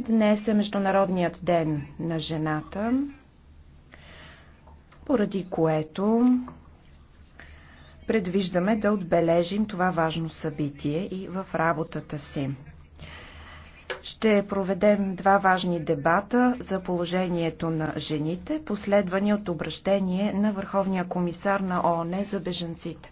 Днес е Международният ден на жената, поради което предвиждаме да отбележим това важно събитие и в работата си. Ще проведем два важни дебата за положението на жените, последвани от обращение на Върховния комисар на ООН за беженците.